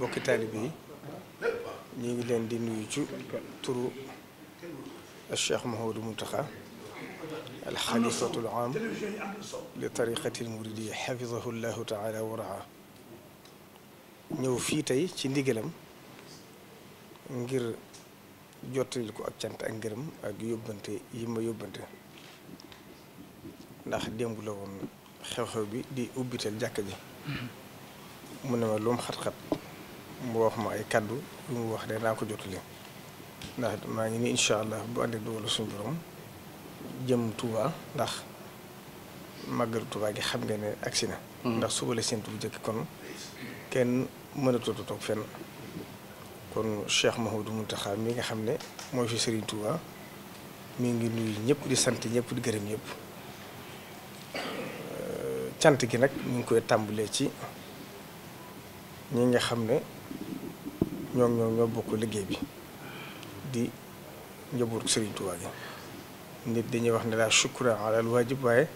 mbokk talib yi ñi ngi leen di nuyu ci turu الشيخ مهود منتخى الخليفة العام لطريقة المريدية حفظه الله تعالى ورعاه نيو في تاي سي نديغلام غير جوتريل كو اك تانت اك غيرم اك يوبنتي ييما يوبنتي ناخ ديمبلا وون خيو خيو بي دي اوبيتال جاكا جي منما لوم خات خات mu wax ma ay kàddu lu mu wax de naa ko jotali ndax maa ngi nii incha allah bu àndee doolu suñu borom jëm tubaa ndax màggalu tubaa gi xam nga ne agsi na. Mm-hmm. ndax suba la séntu bu njëkk kon kenn mënatut toog fenn. kon Cheikh Mouhamadou Mountakha mi nga xam ne mooy fi Serigne Touba mi ngi nuyu ñëpp di sant ñëpp di gërëm ñëpp cant gi nag mu ngi koy tàmbalee ci. ñi nga xam ne ñoom ñoom ñoo bokk liggéey bi di njabootu Serigne Touba gi nit dañuy wax ne laa shukra ala waajib waaye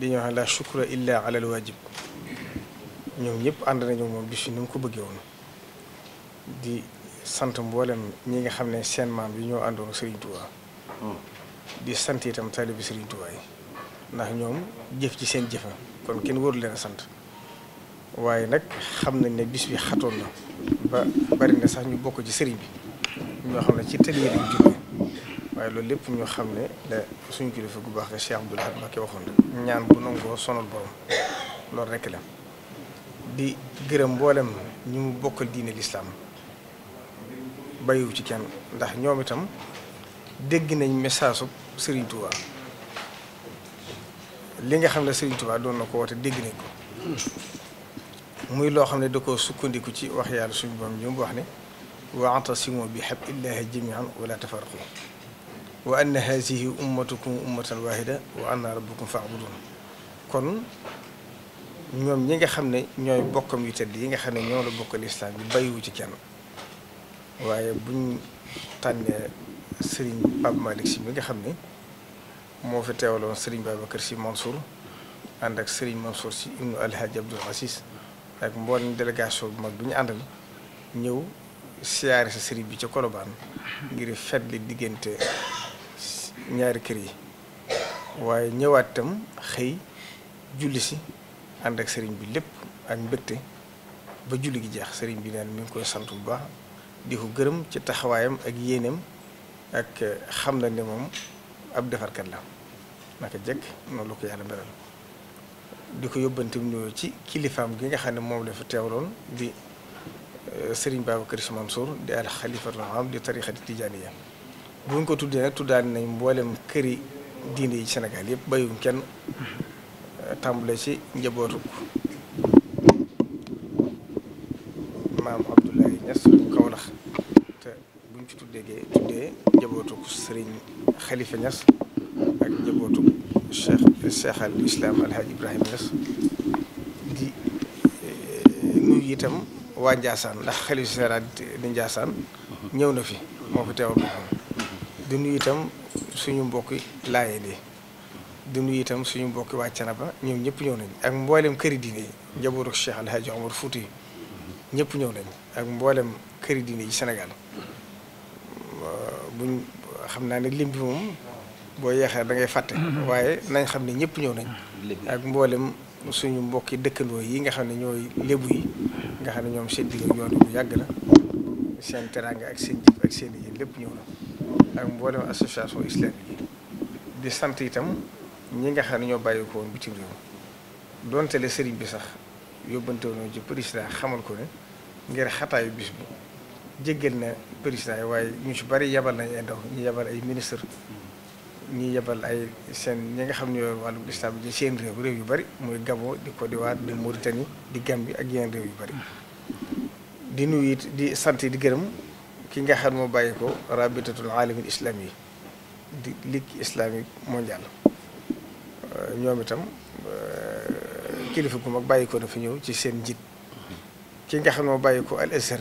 dañuy wax ne laa shukra illa ala al waajib ñoom ñëpp ànd nañu moom bis yi ni mu ko bëggee woon di sant mboolem ñi nga xam ne seen maam yi ñoo àndoon Serigne Touba di sant itam taalibi Serigne Touba yi ndax ñoom jëf ci seen jëfa kon kenn waru leen a sant waaye nag xam nañ ne bis bi xatoon na ba bari na sax ñu bokk ci sëriñ bi ñoo xam ne ci tëli lañ jógee waaye loolu lépp ñoo xam ne la suñu kilifa gu baax nga Cheikh Abdoul Ahad Mbacké waxoon ñaan bu nangoo sonal borom loolu rek la di gërëm mboolem ñu mu diine lislaam bàyyiwu ci kenn ndax ñoom itam dégg nañ message su li nga xam ne Serigne Touba doon na ko woote dégg nañ ko muy loo xam ne da koo sukkandiku ci wax yàlla suñu borom jëm wax ne wa antasimu bi illahi jami'an wa la tafarraqu wa anna hazihi ummatukum ummatan wahida wa anna rabbukum fa'budun kon ñoom ñi nga xam ne ñooy bokkam yu tedd yi nga xam ne ñoo la bokkal islam bi bàyyiwu ci kenn waaye buñ tànnee sëriñ Pape Malick si mi nga xam ne moo fi teewaloon sëriñ Babacar si Mansour ànd ak sëriñ Mansour si Al Hadj Abdoul Aziz ak mboolem délégation bu mag bu ñu àndal ñëw siyaare sa sëriñ bi ca kolobaan ngir fetli diggante ñaari kër yi waaye ñëwaat itam xëy julli si ànd ak sëriñ bi lépp ak mbégte ba julli gi jeex sëriñ bi neen mi ngi koy santu bu baax di ko gërëm ci taxawaayam ak yéeneem ak xam na ni moom ab defarkat la naka jekk noonu la ko yàlla mberal di ko yóbbanteem nuyoo ci kilifaam gi nga xam ne moom la fi teewloon di euh, Serigne Babacar Sy Mansour di al xalifatul di tarixati tijaaniya buñ ko tuddee nag tuddaan nañ mboolem këri diine yi senegal yëpp bayuñ kenn euh, tàmbale ci njabootu maam Abdoulaye Niass Kawlax te buñ ci tuddee tuddee njabootu Serigne Khalifa ak njabootu. cheikh cheikh al islam alhaaj ibrahima Niass di eh, nuyu itam waa Ndiassane ndax xalifa général di Ndiassane ñëw na fi moo fi teewal di nuyu itam suñu mbokki laayeen yi di nuyu itam suñu mbokki waa Canaba ñoom ñëpp ñëw nañ ak mboolem këri diine yi njabootu cheikh alhaaj ñëpp ñëw nañ ak mbooleem këri diine yi Sénégal buñ xam naa ne lim bi moom boo yeexee da ngay fàtte. Mm-hmm. waaye nañ xam ne ñëpp ñëw nañ. ak mboolem suñu mbokki dëkkandoo yi nga xam ne ñooy lébu yi. nga xam ne ñoom seen digg yoon bu yàgg la seen teraanga ak seen jëf ak seen i lépp ñëw na ak mboolem association islamique yi di sant itam ñi nga xam ne ñoo bàyyi ko woon bitim réew donte le sëriñ bi sax yóbbante woon ci président xamal ko ne ngir xataayu bis bi jéggal na président yi waaye ñu ci bari yabal nañ ay ndaw ñu yabal ay ministre ñi yebal ay seen ñi nga xam ne yooyu wàllu islam ji seen réew réew yu bari muy Gabon di Côte d'Ivoire di Mauritanie di Gambie ak yeneen réew yu bari di nuyu di sant di gërëm ki nga xam moo bàyyi ko rabitatul aalamin islami di ligue islamique mondial euh, ñoom itam euh, kilifa gu mag bàyyi ko na ñëw ci seen njiit ki nga xam moo bàyyi ko al Azhar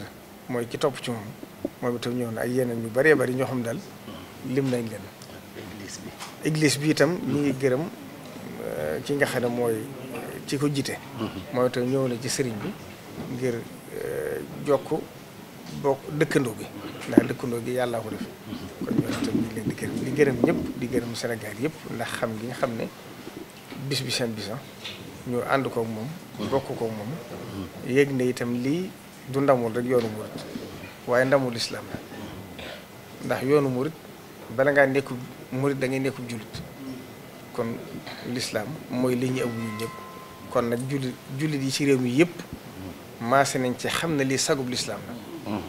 mooy ki topp ci moom moom itam ñëw na ak yeneen ñu baree bari ñoo xam daal lim nañ leen église bi. église itam ñu ngi gërëm ci euh, nga xam ne mooy ci ko jite. Mhm. mooy itam ñëw na ci sëriñ bi ngir euh, jokk bokk dëkkandoo bi ndax dëkkandoo gi yàllaa ko def mhm. kon ñoo itam ñu leen di gërëm di gërëm ñëpp di gërëm senegal yëpp ndax xam gi nga xam ne bis bi seen bisa ñu ànd koog moom bokk koog moom mhm. yéeg ne itam lii du ndamul rek yoonu murit waaye ndamul islam la ndax yoonu murit bala ngaa nekku murit dangay ngay nekkub jullit kon lislaam mooy li ñu ëpp ñun ñëpp kon nag jullit yi ci réew mi yëpp maase nañ ci xam ne li sagub lislaam la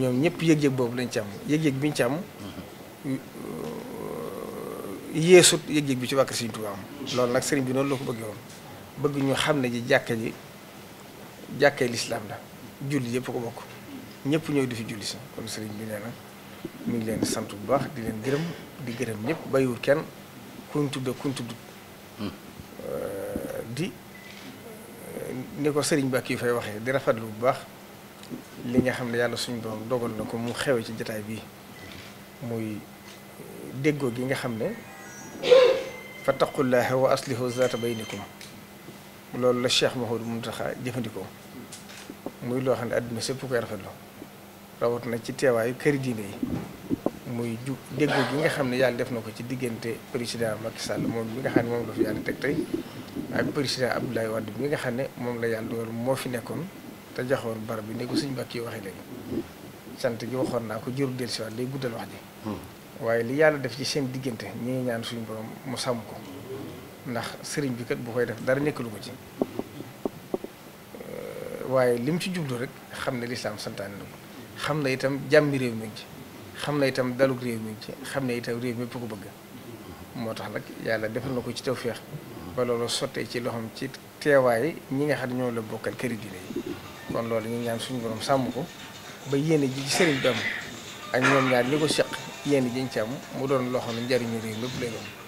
ñoom ñëpp yëg-yëg boobu lañ ci am yëg-yëg bi ci am euh, yéesut yëg-yëg bi ci wàkk Sëriñ Tuubaa am loolu nag sëriñ bi noonu la ko bëggee woon bëgg ñu xam ne ji jàkka ji jàkkee lislaam la julli yëpp ko bokk ñëpp ñooy di fi julli si kon sëriñ bi nee na mi ngi leen sant bu baax di leen gërëm di gërëm ñëpp bàyyiwul kenn kuñ tudd kuñ tudd hmm. euh, di euh, ni ko sëriñ Ba kii fay waxee di rafetlu bu baax li nga xam ne yàlla suñu doom dogal na ko mu xewe ci jataay bi muy euh, déggoo gi nga xam ne fattaqullaha wa aslihu zaata baynikum loolu la Cheikh Mouhamadou taxa jëfandikoo muy loo xam ne àdduna sépp koy rafetlu rawat na ci teewaayu kër diine yi muy jug déggo gi nga xam ne yàlla def na ko ci diggante président Macky Sall moom mi nga xam ne moom la fi yàlla teg tey ak mi nga xam ne moom la yàlla moo fi nekkoon te joxoon barab bi ne ko suñu mbokk yi waxee sant gi waxoon naa ko jërul dellusiwaat day guddal wax ji. waaye li yàlla def ci seen diggante ñu ngi ñaan suñu borom mu sàmm ko ndax sëriñ bi kat boo koy def dara nekkalu ko ci waaye li ci jublu rek xam ne lislaam santaane na ko xam na itam jàmmi réew mi ngi xam na itam dalug réew mi ci xam ne itam réew mi ko bëgg moo tax nag yàlla defal na ko ci feex ba loolu sottee ci loxoom ci teewaay ñi nga xam ne ñoo la bokkal këri diine yi kon loolu ñu ñaan suñu borom sàmm ko ba yéene ji ci sëriñ bi am ak ñoom ñaar ñi ko seq yéene ji ñu ci am mu doon loo xam ne njariñu réew mépp lay